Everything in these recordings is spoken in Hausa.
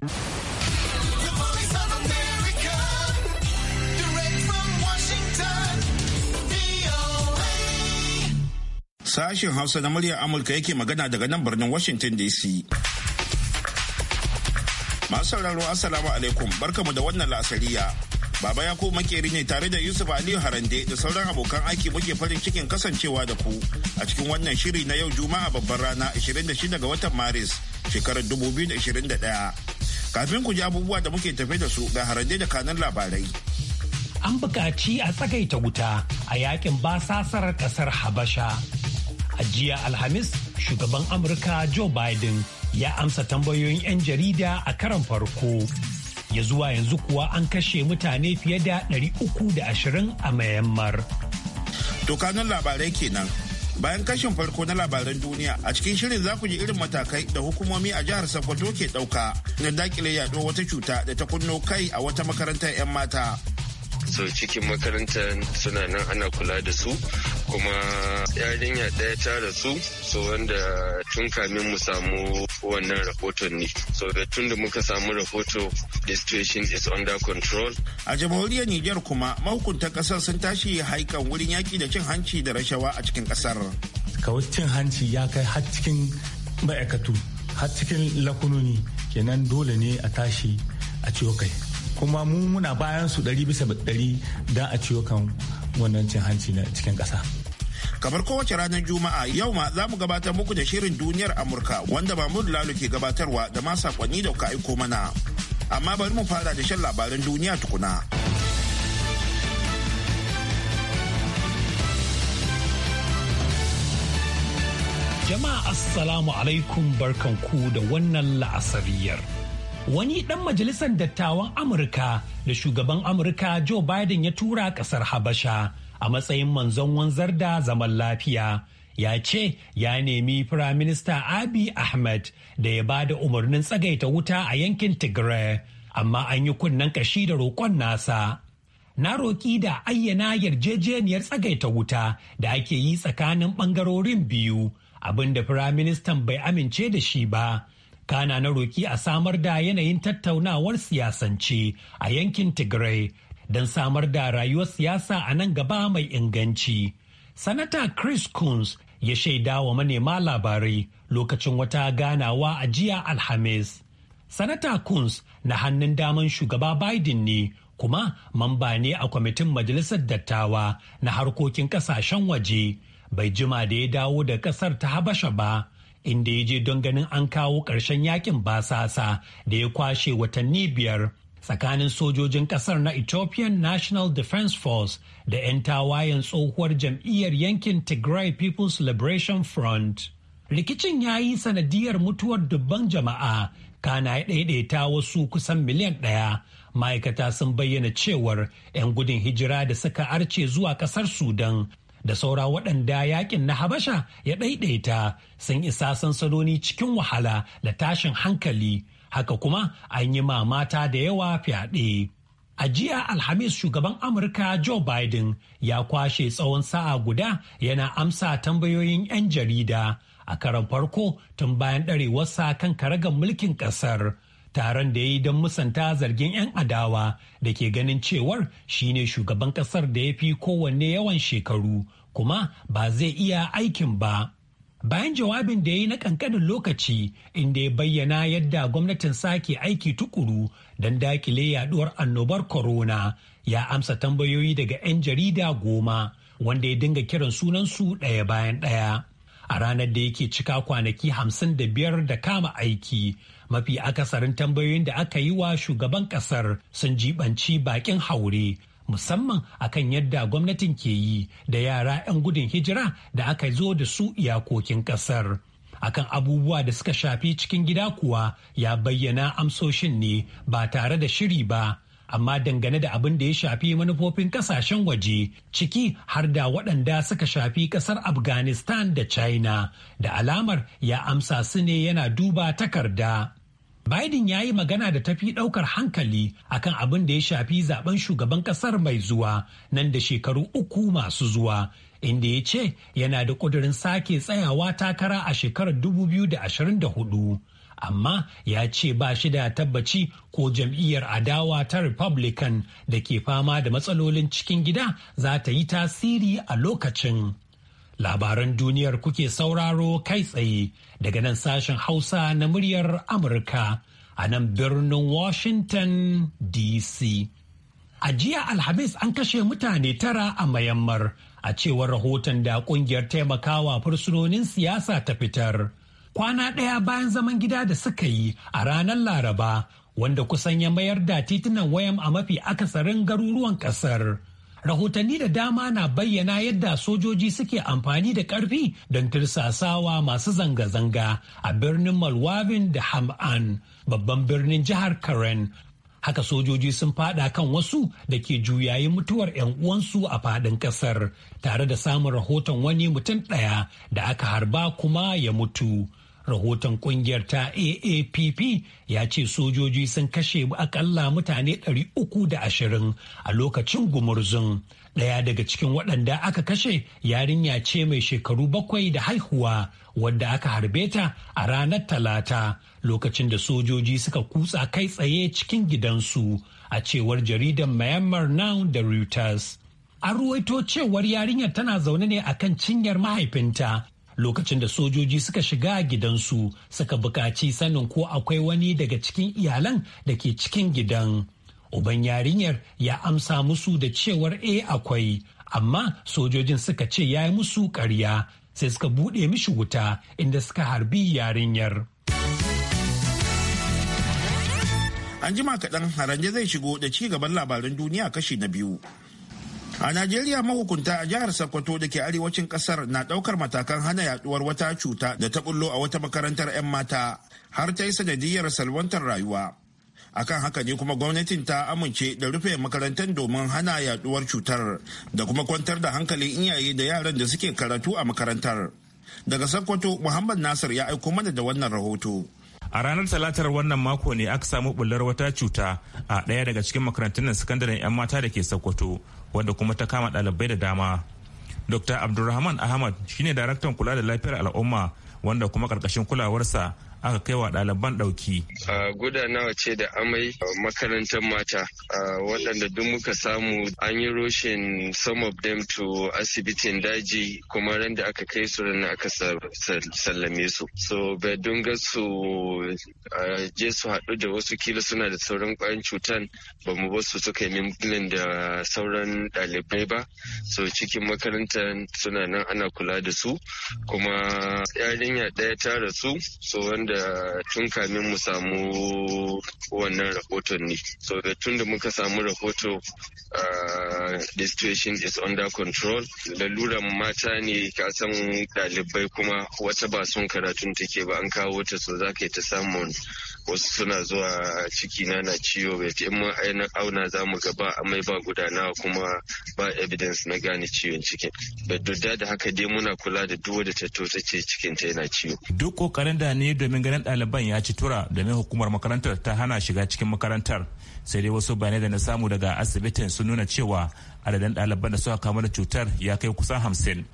Sashen Hausa na muryar Amurka yake magana daga nan birnin Washington DC. Masu sauraro Assalamu alaikum barkamu da wannan lasariya. Baba ya makeri ne tare da Yusuf Aliyu Harande da sauran abokan aiki muke farin cikin kasancewa da ku a cikin wannan shiri na yau Juma'a babbar rana 26 ga watan Maris shekarar 2021. Kafin ku ji abubuwa da muke tafe da su ga harade da kanan labarai. An buƙaci a tsagaita wuta a yakin basasar ƙasar Habasha. A jiya Alhamis, shugaban Amurka Joe Biden ya amsa tambayoyin 'yan jarida a karan farko. Ya zuwa yanzu kuwa an kashe mutane fiye da 320 a Myanmar. kanun labarai kenan. bayan kashin farko na labaran duniya a cikin shirin za ku ji irin matakai da hukumomi a jihar sokoto ke ɗauka na dakile yaɗo wata cuta da ta kunno kai a wata makarantar 'yan mata so cikin makarantar suna nan ana kula da su kuma yarinya ɗaya ta rasu so wanda tun kamin mu samu wannan rahoton ne so da tun da muka samu rahoto the situation is under control a jamhuriyar niger kuma mahukunta kasar sun tashi haikan wurin yaki da cin hanci da rashawa a cikin kasar kawai cin hanci ya kai har cikin ma'aikatu har cikin lakunoni kenan dole ne a tashi a ciwo kai kuma mu muna bayan su ɗari bisa ɗari don a ciwo kan wannan cin hanci na cikin ƙasa. Kamar kowace ranar Juma'a yau ma za mu gabatar muku da shirin duniyar Amurka wanda Mahmud lalu ke gabatarwa da ma sakonni da kuka aiko mana. Amma bari mu fara da shan labaran duniya tukuna. Jama'a Assalamu alaikum barkanku da wannan la'asariyar. wani ɗan majalisar dattawan amurka da shugaban amurka joe biden ya tura ƙasar habasha a matsayin manzon wanzar da zaman lafiya ya ce ya nemi firaminista abi ahmed da ya ba da umarnin tsagaita wuta a yankin tigray amma an yi kunnen kashi da roƙon nasa na roƙi da ayyana yarjejeniyar tsagaita wuta da ake yi tsakanin ɓangarorin biyu abinda firaministan bai amince da shi ba kana na roƙi a samar da yanayin tattaunawar siyasance a yankin tigray don samar da rayuwar siyasa a nan gaba mai inganci. Sanata Chris Coons ya shaida wa manema labarai lokacin wata ganawa a jiya Alhamis. Sanata Coons na hannun daman shugaba Biden ne kuma mamba ne a kwamitin Majalisar Dattawa na harkokin kasashen waje. Bai jima da ya dawo da kasar ta Habasha ba. inda ya je don ganin an kawo ƙarshen yakin basasa da ya kwashe watanni biyar tsakanin sojojin kasar na Ethiopian National Defense Force da 'yan tawayen tsohuwar jam'iyyar yankin Tigray People's Liberation Front. Rikicin ya yi sanadiyar mutuwar dubban jama'a kana ya ɗaiɗaita wasu kusan miliyan ɗaya. Ma'aikata sun bayyana cewar 'yan gudun hijira da suka arce zuwa ƙasar Sudan da saura waɗanda yakin na Habasha ya ɗaiɗaita sun isa sansanoni cikin wahala da tashin hankali. haka kuma an yi mamata da yawa fyaɗe. A jiya Alhamis shugaban Amurka Joe Biden ya kwashe tsawon sa'a guda yana amsa tambayoyin 'yan jarida a karan farko tun bayan ɗarewarsa kan karagar mulkin ƙasar. Taron da ya yi don musanta zargin 'yan adawa da ke ganin cewar shine shugaban ƙasar da ya fi kowanne yawan shekaru kuma ba zai iya aikin ba. bayan jawabin da ya yi na kankanin lokaci inda ya bayyana yadda gwamnatin sake aiki tukuru don dakile yaduwar annobar corona ya amsa tambayoyi daga 'yan jarida goma wanda ya dinga kiran sunansu ɗaya bayan ɗaya a ranar da yake cika kwanaki hamsin da biyar da kama aiki mafi akasarin tambayoyin da aka yi wa shugaban kasar sun jibanci bakin haure musamman a kan yadda gwamnatin ke yi da yara 'yan gudun hijira da aka zo da su iyakokin ƙasar. Akan abubuwa da suka shafi cikin gida kuwa ya bayyana amsoshin ne ba tare da shiri ba, amma dangane da abin da ya shafi manufofin kasashen waje ciki har da waɗanda suka shafi ƙasar Afghanistan da China da alamar ya amsa su ne yana duba takarda. Biden ya yi magana da tafi ɗaukar hankali akan abin da ya shafi zaben shugaban ƙasar mai zuwa nan da shekaru uku masu zuwa, inda ya ce yana da ƙudurin sake tsayawa takara a shekarar 2024. Amma ya ce ba shi da tabbaci ko jam'iyyar adawa ta Republican da ke fama da matsalolin cikin gida za ta yi tasiri a lokacin. Labaran duniyar kuke sauraro kai tsaye daga nan sashen Hausa na muryar Amurka a nan birnin Washington DC. A jiya Alhamis an kashe mutane tara a Mayammar a cewar rahoton da kungiyar taimakawa fursunonin siyasa ta fitar. Kwana ɗaya bayan zaman gida da suka yi a ranar Laraba wanda kusan ya mayar da titunan wayan a mafi akasarin garuruwan ƙasar. rahotanni da dama na bayyana yadda sojoji suke amfani da ƙarfi don tirsasawa masu zanga-zanga a birnin malwavin da ham'an babban birnin jihar karen haka sojoji sun fada kan wasu da ke juyayi mutuwar 'yan uwansu a fadin kasar tare da samun rahoton wani mutum ɗaya da aka harba kuma ya mutu rahoton kungiyar ta AAPP ya ce sojoji sun kashe akalla mutane 320 a lokacin gumurzun. Ɗaya daga cikin waɗanda aka kashe yarinya ce mai shekaru bakwai da haihuwa wadda aka harbe ta a ranar talata lokacin da sojoji suka kutsa kai tsaye cikin gidansu a cewar jaridan Myanmar Now da Reuters. An ruwaito cewar yarinyar tana zaune ne akan cinyar mahaifinta lokacin da sojoji suka shiga gidansu suka buƙaci sanin ko akwai wani daga cikin iyalan da ke cikin gidan. Uban yarinyar ya amsa musu da cewar e akwai, amma sojojin suka ce ya yi musu karya, sai suka buɗe mishi wuta inda suka harbi yarinyar. An jima kaɗan haranje zai shigo da ci gaban labaran duniya kashi na biyu. A Najeriya mahukunta a jihar Sokoto da ke arewacin kasar na daukar matakan hana yaduwar wata cuta da ta bullo a wata makarantar 'yan mata har ta yi sanadiyyar salwantar rayuwa. Akan haka ne kuma gwamnatin ta amince da rufe makarantar domin hana yaduwar cutar da kuma kwantar da hankalin iyaye da yaran da suke karatu a makarantar. Daga Sokoto, Muhammad Nasir ya aiko mana da wannan rahoto. a ranar talatar wannan mako ne aka samu bullar wata cuta a ɗaya daga cikin makarantun sakandaren 'yan mata da ke sokoto wanda kuma ta kama dalibai da dama dr abdulrahman ahmad shine daraktan kula da lafiyar al'umma wanda kuma karkashin kulawarsa aka kai wa ɗaliban ɗauki. guda nawa ce da amai makarantar mata waɗanda duk muka samu an yi roshin some of them to asibitin daji kuma ran da aka kai su ran aka sallame su so bai dunga su je su haɗu da wasu kila suna da sauran ƙwayan cutan ba mu basu suka yi mimplin da sauran ɗalibai ba so cikin makarantar suna nan ana kula da su kuma yarinya ɗaya ta rasu so wanda da tun kamin mu samu wannan rahoton ne so tun da muka samu rahoto ah, the situation is under control laluran mata ne kasan dalibai kuma wata ba sun karatun take ba an kawo ta so za ka ta samun wasu suna zuwa ciki na na ciwo bai ta imma aina auna za mu ga ba amai ba gudana kuma ba evidence na gane ciwon cikin bai dudda da haka dai muna kula da duk wadda ta to cikin ta yana ciwo duk kokarin da ne domin domin ganin ɗaliban ya ci tura domin hukumar makarantar ta hana shiga cikin makarantar sai dai wasu bayanai da na samu daga asibitin sun nuna cewa adadin ɗaliban da suka kama da cutar ya kai kusan hamsin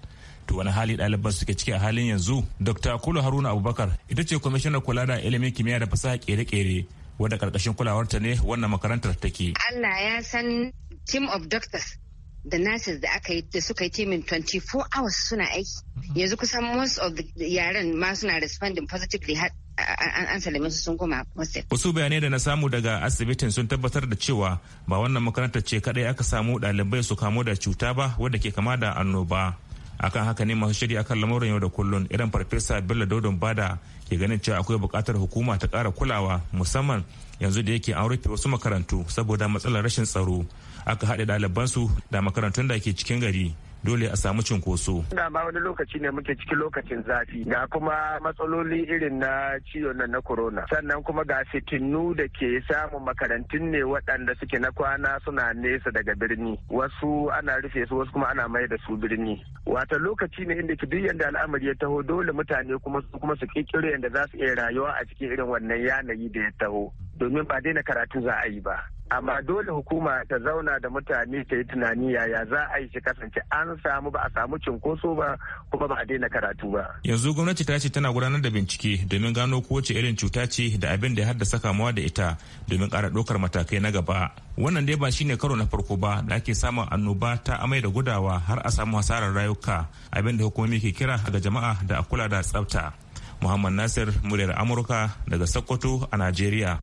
to wani hali ɗaliban suke ciki a halin yanzu dr kulu haruna abubakar ita ce kwamishinar kula da ilimin kimiyya da fasaha kere-kere wadda karkashin kulawarta ne wannan makarantar take allah ya san team of doctors da nurses da aka yi da suka yi timin 24 hours suna aiki mhm. yanzu kusan most of the yaren ma suna responding positively an sallame su sun koma hostel. Wasu bayanai da na samu daga asibitin sun tabbatar da cewa ba wannan makarantar ce kadai aka samu ɗalibai su kamo da cuta ba wadda ke kama da annoba. akan haka ne masu shiri akan lamarin yau da kullun irin farfesa bello dodon bada ke ganin cewa akwai buƙatar hukuma ta ƙara kulawa musamman yanzu da yake an rufe wasu makarantu saboda matsalar rashin tsaro aka haɗe ɗalibansu da makarantun da ke cikin gari dole a samu cinkoso. Ina ma wani lokaci ne muke cikin lokacin zafi ga kuma matsaloli irin na ciwon nan na corona sannan kuma ga fitinu da ke samun makarantun ne waɗanda suke na kwana suna nesa daga birni wasu ana rufe su wasu kuma ana mai da su birni wata lokaci ne inda ki duk yanda al'amari ya taho dole mutane kuma su kuma su kirkiro yanda za su iya rayuwa a cikin irin wannan yanayi da ya taho domin ba daina karatu za a yi ba amma dole hukuma ta zauna da mutane ta yi tunani yaya za a yi shi kasance an samu ba a samu cinkoso ba kuma ba a daina karatu ba. yanzu gwamnati ta ce tana gudanar da bincike domin gano ko wace irin cuta ce da abin da ya haddasa kamuwa da ita domin kara ɗaukar matakai na gaba wannan dai ba shine karo na farko ba da ake samun annoba ta amai da gudawa har a samu hasarar rayuka abin da hukumomi ke kira ga jama'a da a kula da tsafta muhammad nasir muryar amurka daga sokoto a najeriya.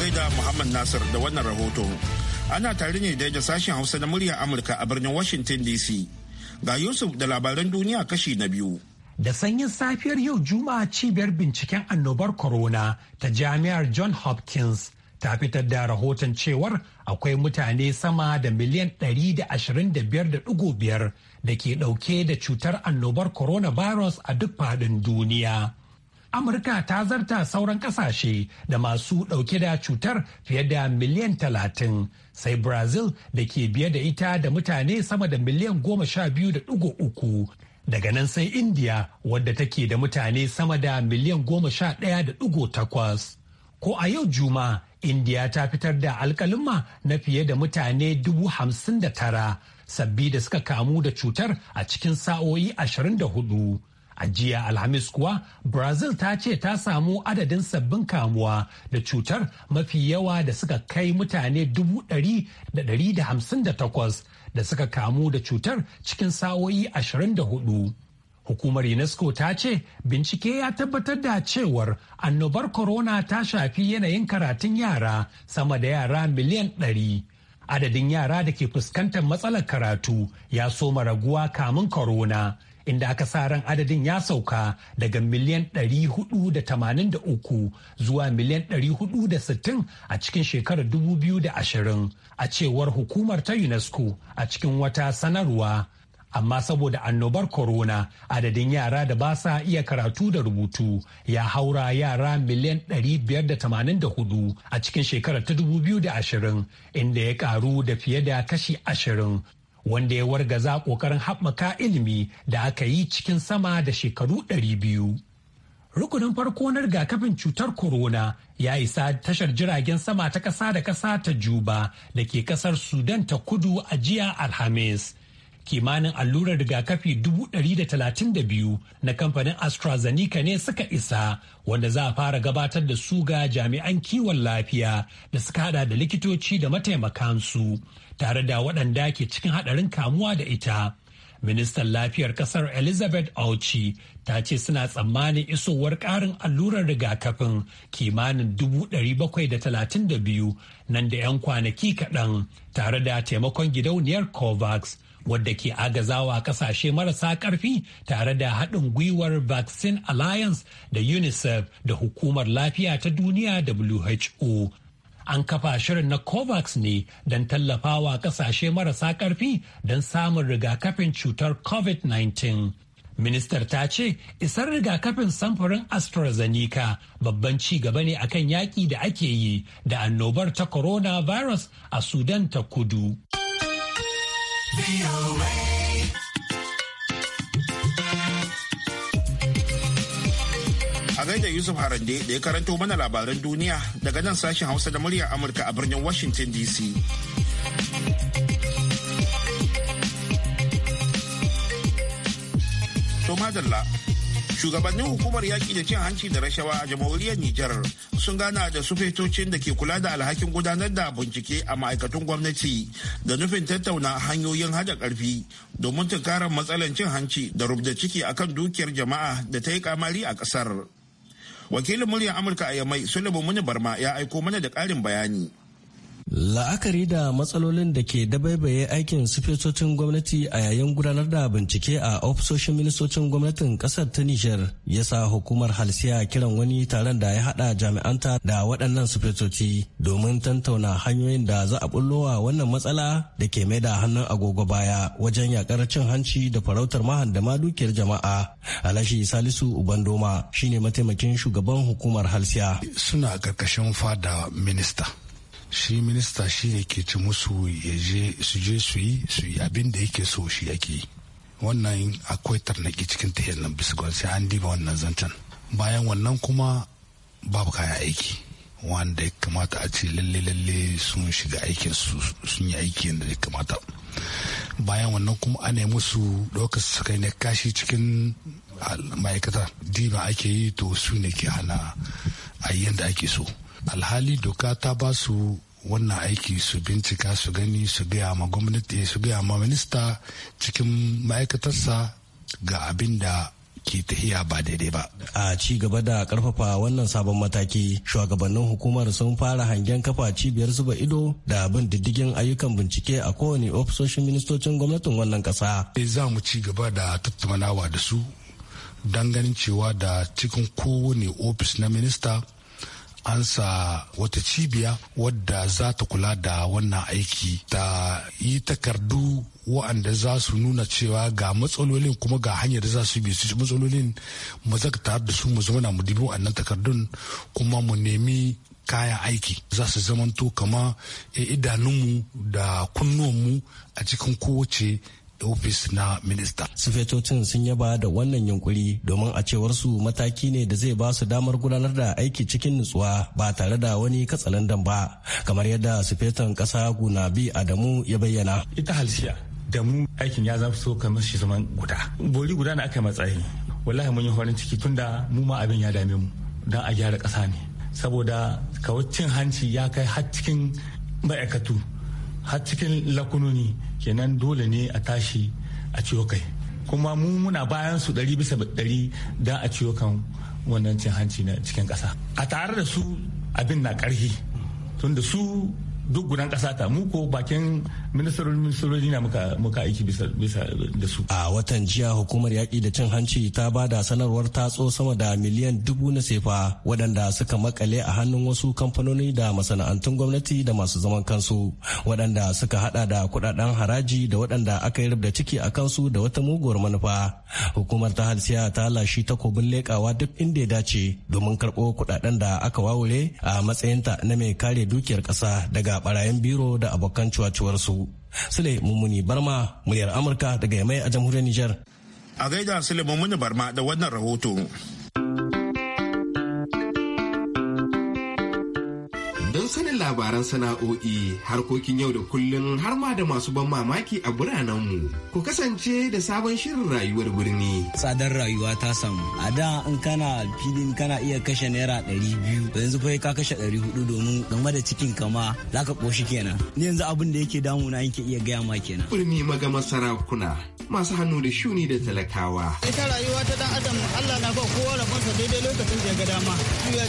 gaida Muhammad Nasir da wannan rahoto. Ana tare ne da sashen Hausa na muryar Amurka a birnin Washington DC. Ga Yusuf da labaran duniya kashi na biyu. Da sanyin safiyar yau Juma'a cibiyar binciken annobar corona ta jami'ar John Hopkins ta fitar da rahoton cewar akwai mutane sama da miliyan 125.5 da ke dauke da cutar annobar coronavirus a duk faɗin duniya. amurka ta zarta sauran kasashe da masu dauke da cutar fiye da miliyan talatin sai brazil da ke biye da ita da mutane sama da miliyan goma sha biyu da dugo uku daga nan sai india wadda take da mutane sama da miliyan goma sha ɗaya da dugo takwas ko a yau juma india ta fitar da alkalima na fiye da mutane dubu hamsin da tara sabbi da suka kamu da cutar a cikin sa'o'i ashirin da hudu A jiya Alhamis kuwa, Brazil ta ce ta samu adadin sabbin kamuwa da cutar mafi yawa da suka kai mutane 158 da suka kamu da cutar cikin sa'o'i 24. Hukumar UNESCO ta ce bincike ya tabbatar da cewar annobar corona ta shafi yanayin karatun yara sama da yara miliyan ɗari. Adadin yara da ke fuskantar matsalar karatu ya soma raguwa kamun corona. inda aka sa ran adadin ya sauka daga miliyan 483 zuwa miliyan 460 a cikin shekarar 2020 a cewar hukumar ta UNESCO a cikin wata sanarwa. Amma saboda annobar corona adadin yara da ba sa iya karatu da rubutu ya haura yara miliyan 584 a cikin shekarar ta 2020 inda ya karu da fiye da kashi 20 wanda ya warga wargaza ƙoƙarin haɓaka ilimi da aka yi cikin sama da shekaru ɗari biyu. Rukunin farko na rigakafin cutar corona ya isa tashar jiragen sama ta ƙasa da ƙasa ta Juba da ke ƙasar Sudan ta kudu a jiya Alhamis. kimanin allurar rigakafi dubu da da talatin biyu na kamfanin AstraZeneca ne suka isa wanda za a fara gabatar da su ga jami'an kiwon lafiya da suka hada da likitoci da su, tare da waɗanda ke cikin haɗarin kamuwa da ita. Ministan lafiyar kasar Elizabeth Auchi, ta ce suna tsammanin isowar ƙarin allurar rigakafin kimanin dubu bakwai da da talatin biyu nan da 'yan kwanaki kaɗan tare da taimakon gidauniyar COVAX. wadda ke agazawa kasashe marasa karfi tare da haɗin gwiwar vaccine alliance da unicef da hukumar lafiya ta duniya who an kafa shirin na covax ne don tallafawa kasashe marasa karfi don samun rigakafin cutar covid-19 ministar ta ce isar rigakafin samfurin astrazeneca babban ci gaba ne akan yaƙi da ake yi da annobar ta coronavirus a sudan ta kudu A gaida Yusuf Harande da ya karanto mana labaran duniya daga nan sashen Hausa da muryar Amurka a birnin Washington DC. To madalla shugabannin hukumar yaƙi da cin hanci da rashawa a jamhuriyar Nijar sun gana da sufetocin da ke kula da alhakin gudanar da bincike a ma'aikatun gwamnati da nufin tattauna hanyoyin hada ƙarfi domin tunkarar matsalar cin hanci da rubda ciki akan dukiyar jama'a da ta yi kamari a ƙasar. Wakilin muryar Amurka a Yamai Sulaimu Muni Barma ya aiko mana da ƙarin bayani. La'akari da matsalolin da ke dabaibaye aikin sufetocin gwamnati a yayin gudanar da bincike a ofisoshin ministocin gwamnatin kasar ta Nijar ya sa hukumar halsiya kiran wani taron da ya hada jami'anta da waɗannan sufetoci domin tantauna hanyoyin da za a bullowa wannan matsala da ke mai da hannun agogo baya wajen yakar cin hanci da farautar mahandama dukiyar jama'a. Alashi Salisu Ubandoma shine mataimakin shugaban hukumar halsiya. Suna ƙarƙashin fada minista. shi minista shi ne ke ci musu ya je su je su yi su yi abin da yake so shi yake yi wannan akwai tarnaki cikin ta yannan bisa sai an diba wannan zancen bayan wannan kuma babu kaya aiki wanda ya kamata a ce lalle lalle sun shiga aikin su sun yi aiki yadda ya kamata bayan wannan kuma ana musu ɗaukar su kai ne kashi cikin ma'aikata diba ake yi to su ne ke hana a yadda ake so alhali doka ta ba su wannan aiki su bincika su gani su gaya ma gwamnati su gaya ma minista cikin ma'aikatarsa ga abin da ke tahiya ba daidai ba. A ci gaba da karfafa wannan sabon mataki, shugabannin hukumar sun fara hangen kafa cibiyar zuba ido da bin diddigin ayyukan bincike a kowane ofisoshin ministocin gwamnatin wannan kasa. Eh, za mu ci gaba da tattaunawa da su don ganin cewa da cikin kowane ofis na minista an sa wata cibiya wadda za ta kula da wannan aiki ta yi takardu wa'anda za su nuna cewa ga matsalolin kuma ga hanyar za su bi su matsalolin mu tare da su mu zauna mu dibi wa'annan takardun kuma mu nemi kayan aiki za su zamanto kama eh, idanunmu da kunnuwanmu a cikin kowace ofis na minista. Sufetocin sun yaba da wannan yunkuri domin a cewar su mataki ne da zai ba su damar gudanar da aiki cikin nutsuwa ba tare da wani katsalandan ba kamar yadda sufetan kasa Gunabi Adamu ya bayyana. Ita halsiya da mu aikin ya zama so kamar shi zaman guda. Bori guda na aka matsayi. Wallahi mun yi horin ciki tunda mu ma abin ya dame mu don a gyara ƙasa ne. Saboda kawai cin hanci ya kai har cikin ma'aikatu har cikin lakunoni kenan dole ne a tashi a ciwo kai kuma mu muna bayan su ɗari bisa ɗari don a ciwo kan wannan cin hanci na cikin ƙasa a tare da su abin na ƙarfi tunda su duk gudan kasa ta mu ko bakin ministerin ministeroji na muka muka aiki bisa bisa da su a watan jiya hukumar yaƙi da cin hanci ta ba da sanarwar tatso sama da miliyan dubu na sefa waɗanda suka makale a hannun wasu kamfanoni da masana'antun gwamnati da masu zaman kansu waɗanda suka hada da kuɗaɗen haraji da waɗanda aka yi rubda ciki a kansu da wata muguwar manufa hukumar ta halsiya ta lashi takobin leƙawa duk inda ya dace domin karɓo kuɗaɗen da aka wawure a matsayinta na mai kare dukiyar ƙasa daga da biro da abokan cuwacuwarsu. Sule Mummuni Barma, muryar Amurka daga Yamai a jamhuriyar Nijar. A gaida Sule Mummuni Barma da wannan rahoto. sanin labaran sana'o'i harkokin yau da kullun har ma da masu ban mamaki a biranenmu. Ku kasance da sabon shirin rayuwar birni. Tsadar rayuwa ta samu. A da in kana filin kana iya kashe naira ɗari biyu yanzu fa ka kashe ɗari hudu domin game da cikin kama za ka ƙoshi kenan. Ni yanzu abin da yake damuna yake iya gaya ma kenan. Birni magama sarakuna masu hannu da shuni da talakawa. Ita rayuwa ta dan adam Allah na ba kowa rabonsa daidai lokacin da ya ga dama. Juya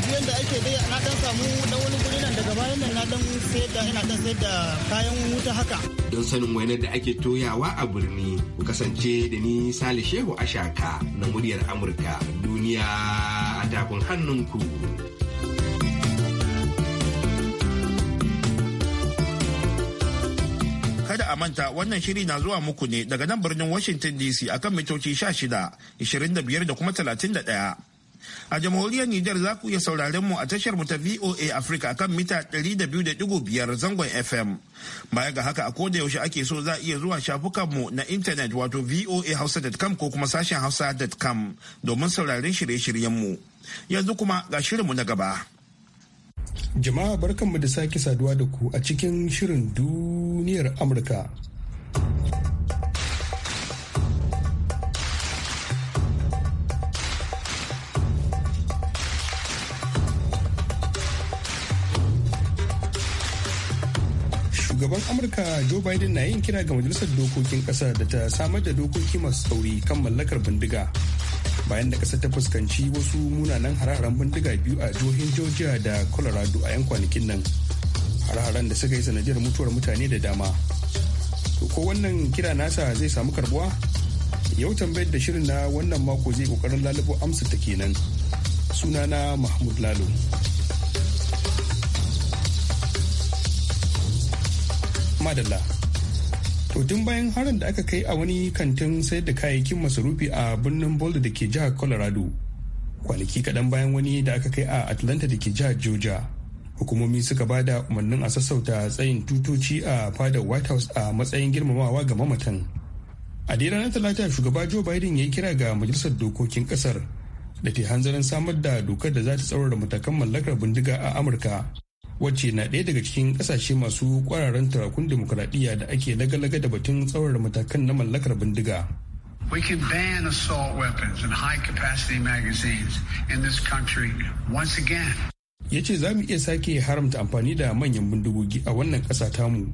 yake dai na dan samu da wani guri nan daga bayan nan na dan sayar da ina dan sayar da kayan wuta haka. Don sanin wainar da ake toyawa a birni ku kasance da ni Salih Shehu Ashaka na muryar Amurka duniya a takun hannunku. kada a manta wannan shiri na zuwa muku ne daga nan birnin Washington DC akan mitoci 16, 25 da kuma 31. A jamhuriyar Nijar za ku iya sauraren mu a tashar mu ta VOA Africa kan mita 200.5 zangon FM. Baya ga haka a koda yaushe ake so za iya zuwa shafukan mu na intanet wato voa voahausa.com ko kuma sashen hausa.com domin sauraren shirye-shiryen mu. Yanzu kuma ga shirinmu na gaba. Jama'a barkanmu da sake saduwa da ku a cikin shirin duniyar Amurka. shugaban amurka joe biden na yin kira ga majalisar dokokin kasa da ta samar da dokoki masu sauri kan mallakar bindiga bayan da kasa ta fuskanci wasu munanan hare bindiga biyu a jihohin georgia da colorado a yan kwanakin nan hare da suka yi sanadiyar mutuwar mutane da dama to ko wannan kira nasa zai samu karbuwa yau tambayar da shirin na wannan mako zai kokarin lalubo amsa ta kenan sunana mahmud lalo madalla to tun bayan harin da aka kai a wani kantin sayar da kayayyakin masarufi a birnin boulder da ke jihar colorado kwanaki kaɗan bayan wani da aka kai a atlanta da ke jihar georgia hukumomi suka ba da umarnin a sassauta tsayin tutoci a fadar white house a matsayin girmamawa ga mamatan a dai ranar talata shugaba joe biden ya yi kira ga majalisar dokokin kasar da ke hanzarin samar da dokar da za ta tsaurara matakan mallakar bindiga a amurka wacce na ɗaya daga cikin ƙasashe masu ƙwararren turakun demokuraɗiyya da ake lagalaga da batun tsawar matakan na mallakar bindiga. We can ban assault weapons and high capacity in this country once again. Ya ce za mu iya sake haramta amfani da manyan bindigogi a wannan ƙasa tamu.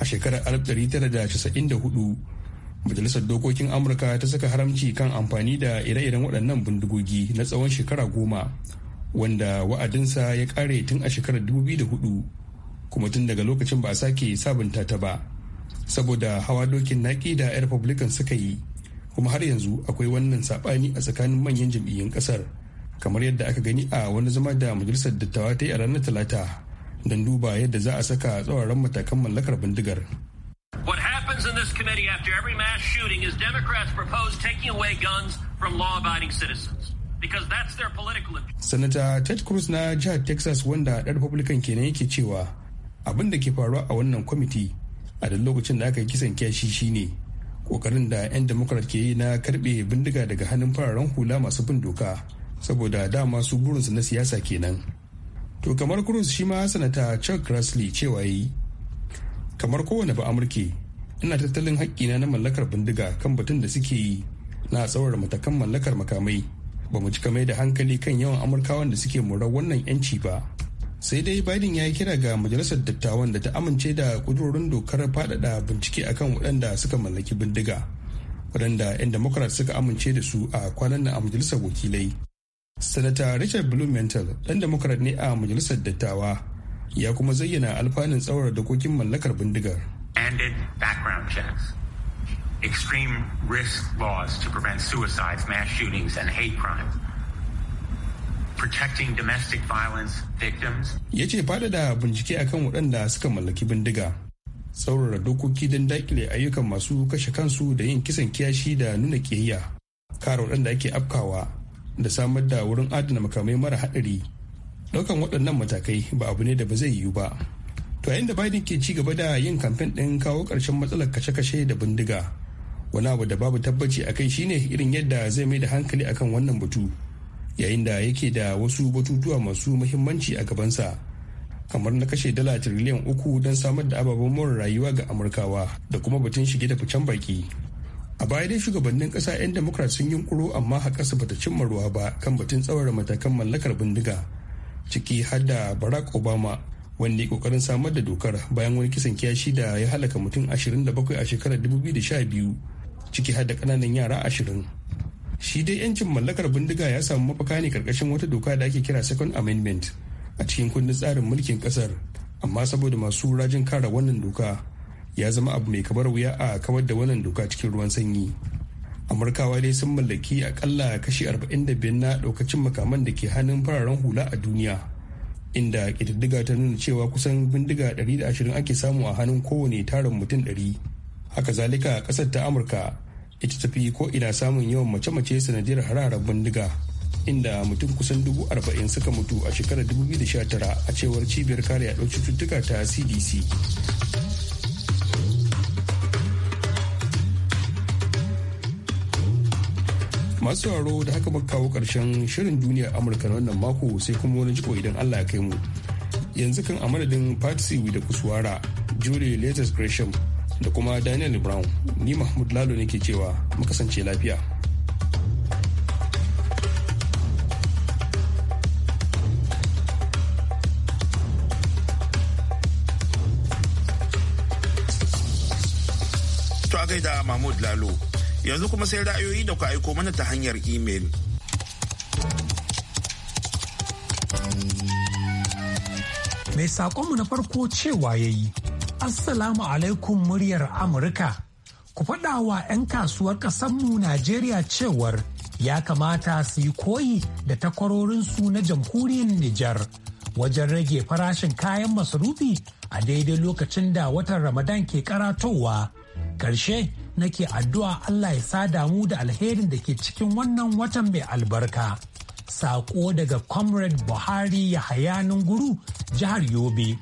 A shekarar 1994, Majalisar Dokokin Amurka ta saka haramci kan amfani da ire-iren waɗannan bindigogi na tsawon shekara goma. wanda wa'adinsa ya kare tun a shekarar 2004 kuma tun daga lokacin ba a sake sabunta ta ba saboda hawa dokin naƙi da 'yan republican suka yi kuma har yanzu akwai wannan saɓani a tsakanin manyan jam'iyyun ƙasar kamar yadda aka gani a wani zama da majalisar dattawa ta yi a ranar talata don duba yadda za a saka tsauraran matakan mallakar bindigar What happens in this committee after every shooting is Democrats propose taking away guns from law abiding citizens. Sanata Ted Cruz na jihar Texas wanda ɗan Republican kenan yake cewa abin da ke faruwa a wannan kwamiti a duk lokacin da aka yi kisan kyashi shine kokarin da 'yan Democrat ke yi na karɓe bindiga daga hannun fararen hula masu bin doka saboda dama su burinsu na siyasa kenan. To kamar Cruz shi ma sanata Chuck Grassley cewa yi kamar kowane ba Amurke ina tattalin haƙƙina na mallakar bindiga kan batun da suke yi na tsawar matakan mallakar makamai ba mu cika mai da hankali kan yawan amurkawan da suke murar wannan yanci ba sai dai biden ya yi kira ga majalisar dattawan da ta amince da kudurorin dokar faɗaɗa bincike akan waɗanda suka mallaki bindiga waɗanda 'yan democrat suka amince da su a kwanan nan a majalisar wakilai sanata richard blumenthal ɗan democrat ne a majalisar dattawa ya kuma zayyana alfanun tsawar dokokin mallakar bindigar extreme risk laws to prevent suicides, mass shootings, and hate crimes. Protecting domestic violence victims. Ya ce faɗaɗa bincike akan waɗanda suka mallaki bindiga. Saurara dokoki don daƙile ayyukan masu kashe kansu da yin kisan kiyashi da nuna kiyayya Kare waɗanda ake afkawa da samar da wurin adana makamai mara haɗari. Ɗaukan waɗannan matakai ba abu ne da ba zai yiwu ba. To yayin da Biden ke ci gaba da yin kamfen ɗin kawo ƙarshen matsalar kashe-kashe da bindiga. wani abu da babu tabbaci a kai shine irin yadda zai mai da hankali akan wannan batu yayin da yake da wasu batutuwa masu muhimmanci a gabansa kamar na kashe dala tiriliyan uku don samar da ababen more rayuwa ga amurkawa da kuma batun shige da ficen baki a baya dai shugabannin kasa 'yan democrat sun yunkuro amma hakasa bata cimma ruwa ba kan batun tsawara matakan mallakar bindiga ciki har da barack obama wanda ya kokarin samar da dokar bayan wani kisan kiyashi da ya halaka mutum 27 a shekarar 2012 ciki har da kananan yara ashirin shi dai yancin mallakar bindiga ya samu mafaka ne karkashin wata doka da ake kira second amendment a cikin kundin tsarin mulkin kasar amma saboda masu rajin kara wannan doka ya zama abu mai kamar wuya a kawar da wannan doka cikin ruwan sanyi amurkawa dai sun mallaki akalla kashi arba'in da 45 na ɗaukacin makaman da ke hannun fararen hula a duniya inda ƙididdiga ta nuna cewa kusan bindiga ɗari 120 ake samu a hannun kowane tarin mutum ɗari. haka zalika kasar ta amurka ita tafi ko ina samun yawan mace-mace sanadiyar harara bindiga inda mutum kusan dubu arba'in suka mutu a shekarar 2019 a cewar cibiyar kare yaɗo cututtuka ta cdc masu sauraro da haka muka kawo karshen shirin duniyar amurka na wannan mako sai kuma wani jiko idan allah ya kai mu yanzu kan a madadin patsy da kuswara julie latest gresham da kuma Daniel Brown. Ni Mahmud Lalo ne ke cewa makasance lafiya. To gaida Mahmud Lalo. Yanzu kuma sai ra'ayoyi da ku aiko mana ta hanyar imel. Mai saƙonmu na farko cewa ya yi. Assalamu alaikum muryar Amurka. Ku faɗa wa 'yan kasuwar ƙasanmu Najeriya cewar ya kamata su yi koyi da takwarorinsu na jamhuriyar Nijar wajen rage farashin kayan masarufi a daidai lokacin da watan Ramadan ke karatowa. Karshe nake addu'a Allah ya sada mu da alherin da ke cikin wannan watan mai albarka. Sako daga Comrade Buhari Yahaya guru jihar Yobe.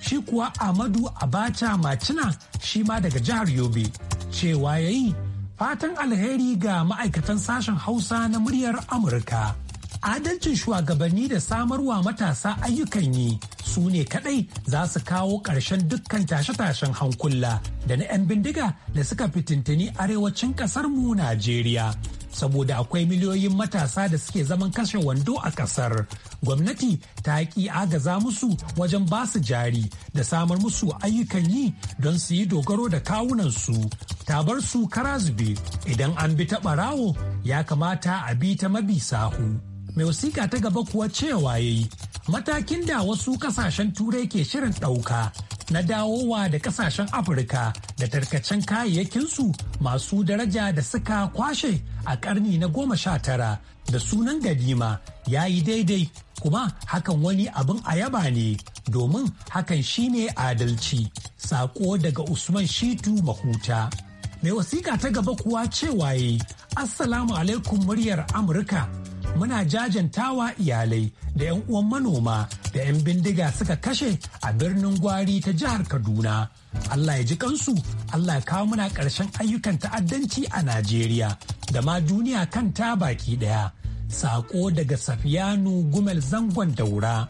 shi kuwa Amadu Abacha Macina shi ma daga jihar Yobe cewa ya yi fatan alheri ga ma'aikatan sashen Hausa na muryar Amurka. Adalcin shugabanni da samarwa matasa ayyukan yi su ne kadai za su kawo ƙarshen dukkan tashe-tashen hankula da na 'yan bindiga da suka fitintini arewacin ƙasarmu Najeriya. saboda akwai miliyoyin matasa da suke zaman kashe wando a kasar gwamnati ta ki agaza musu wajen ba su jari da samar musu ayyukan yi don su yi dogaro da kawunansu ta bar su kara zube idan an bi ta ɓarawo, ya kamata a bi ta mabi sahu mai wasiƙa ta gaba kuwa cewa ya yi matakin da wasu ƙasashen turai ke shirin ɗauka na dawowa da kasashen afirka da tarkacen kayayyakinsu masu daraja da suka kwashe a karni na goma sha tara da sunan Gadima, ya yi daidai kuma hakan wani abin a yaba ne domin hakan shine adalci sako daga usman shitu mahuta mai wasiƙa ta gaba kuwa cewaye assalamu alaikum muryar amurka muna jajantawa iyalai da 'yan uwan manoma da 'yan bindiga suka kashe a birnin gwari ta jihar kaduna allah ya ji kansu allah ya kawo muna ƙarshen ayyukan ta'addanci a najeriya da ma duniya kan ta baki ɗaya Sako daga safiyanu gumel zangon daura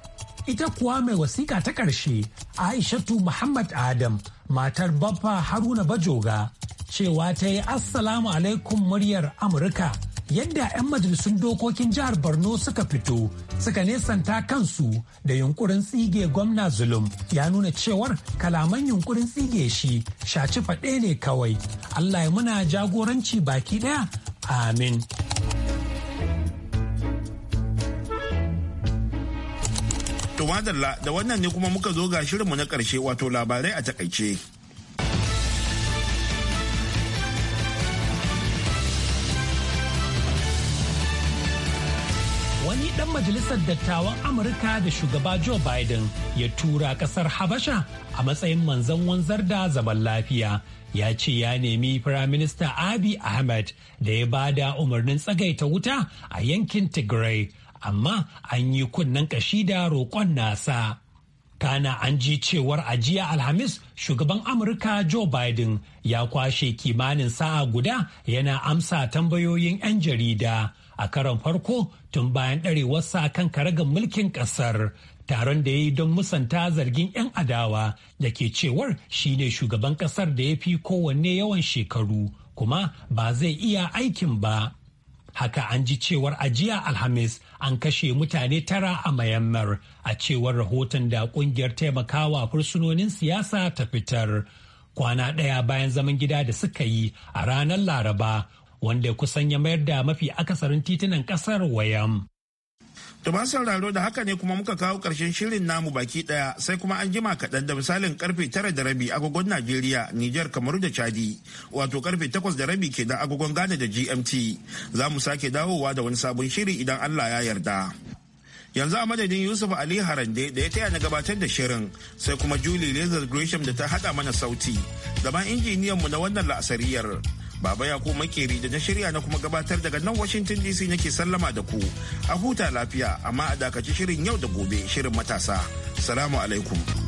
ita kuwa mai wasiƙa ta ƙarshe aishatu muhammad adam matar baffa haruna bajoga cewa ta yi assalamu alaikum muryar amurka yadda 'yan majalisun dokokin jihar borno suka fito suka nesanta kansu da yunkurin tsige gwamna zulum ya nuna cewar kalaman yunkurin tsige shi shaci faɗe ne kawai allah ya muna jagoranci baki ɗaya amin to da wannan ne kuma muka zo ga shirinmu na ƙarshe wato labarai a takaice. dan majalisar dattawan amurka da shugaba joe biden ya tura kasar habasha a matsayin manzan wanzar da zaman lafiya ya ce ya nemi firaminista abi ahmed da ya bada umarnin tsagaita wuta a yankin tigray amma an yi kunnen kashi da roƙon nasa kana an ji cewar ajiya alhamis shugaban amurka joe biden ya kwashe kimanin sa'a guda yana amsa tambayoyin 'yan jarida a karon farko tun bayan ɗarewarsa kan karagar mulkin ƙasar taron da ya yi don musanta zargin 'yan adawa da ke cewar shine shugaban ƙasar da ya fi kowanne yawan shekaru kuma ba zai iya aikin ba haka an ji cewar ajiya alhamis an kashe mutane tara a mayammar a cewar rahoton da kungiyar taimakawa fursunonin siyasa ta fitar kwana ɗaya bayan zaman gida da suka yi a ranar laraba wanda kusan ya mayar da mafi akasarin titunan kasar wayam. To ba sauraro da haka ne kuma muka kawo ƙarshen shirin namu baki ɗaya sai kuma an jima kaɗan da misalin karfe tara da rabi agogon Najeriya, Nijar, Kamaru da Chadi. Wato karfe takwas da rabi ke da agogon Ghana da GMT. Za mu sake dawowa da wani sabon shiri idan Allah ya yarda. Yanzu a madadin Yusuf Ali Harande da ya taya na gabatar da shirin sai kuma Julie Lazar Gresham da ta haɗa mana sauti. Zaman injiniyanmu na wannan la'asariyar. Baba ya Yakubu Makeri da na shirya na kuma gabatar daga nan Washington DC nake sallama da ku. A huta lafiya amma a dakaci shirin yau da gobe shirin matasa. Salamu alaikum.